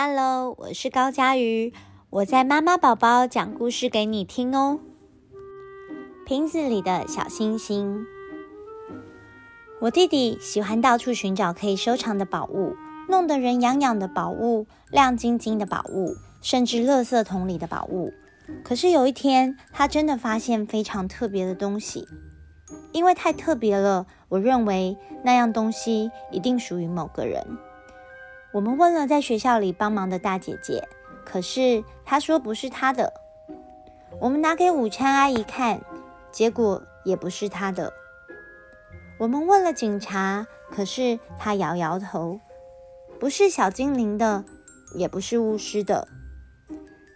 Hello，我是高嘉瑜，我在媽媽寶寶講故事給你聽哦。瓶子裡的小星星，我弟弟喜歡到處尋找可以收藏的寶物，弄得人癢癢的寶物、亮晶晶的寶物，甚至垃圾桶裡的寶物。可是有一天，他真的發現非常特別的東西，因為太特別了，我認為那樣東西一定屬於某個人。我們問了在學校裡幫忙的大姐姐，可是她說不是她的。我們拿給午餐阿姨看，結果也不是她的。我們問了警察，可是她搖搖頭，不是小精靈的，也不是巫師的。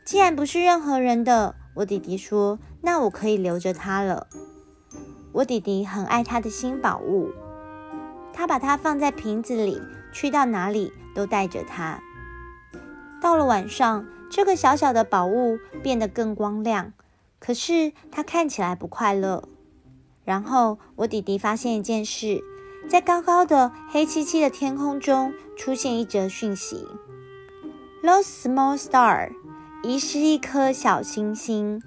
既然不是任何人的，我弟弟說，那我可以留着它了。我弟弟很愛它的新寶物，他把它放在瓶子裡。去到哪裡都帶着它。到了晚上，這個小小的寶物變得更光亮，可是它看起來不快樂。然後我弟弟發現一件事：在高高的黑漆漆的天空中，出現一則訊息，“Lost small star，遺失一顆小星星。”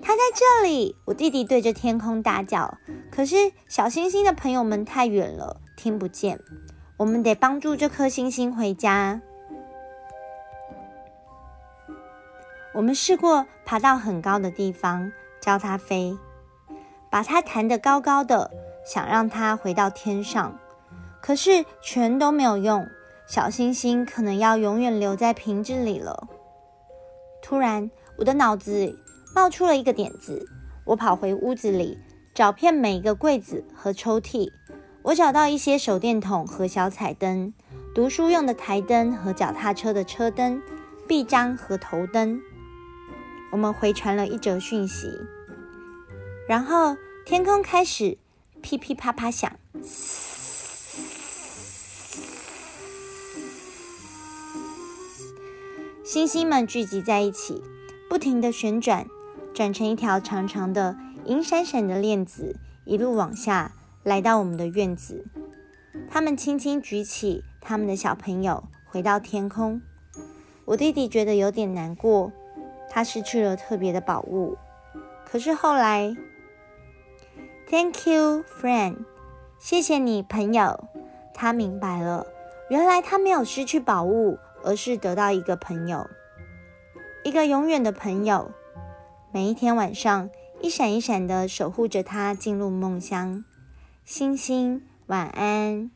它在這裡！我弟弟對着天空大叫，可是小星星的朋友們太遠了，聽不見。我們得幫助這顆星星回家。我們試過爬到很高的地方，教它飛，把它彈得高高的，想讓它回到天上，可是全都沒有用。小星星可能要永遠留在瓶子裡了。突然，我的腦子冒出了一個點子，我跑回屋子裡，找遍每一個櫃子和抽屜。我找到一些手電筒和小彩燈，讀書用的台燈和腳踏車的車燈，臂章和頭燈。我們回傳了一則訊息，然後天空開始噼噼啪啪啪響，星星們聚集在一起，不停地旋轉，轉成一條長長的銀閃閃閃的鏈子，一路往下。來到我們的院子，他們輕輕舉起他們的小朋友，回到天空。我弟弟覺得有點難過，他失去了特別的寶物。可是後來，Thank you, friend，謝謝你，朋友。他明白了，原來他沒有失去寶物，而是得到一個朋友，一個永遠的朋友。每一天晚上，一閃一閃的守護着他進入夢鄉。星星，晚安。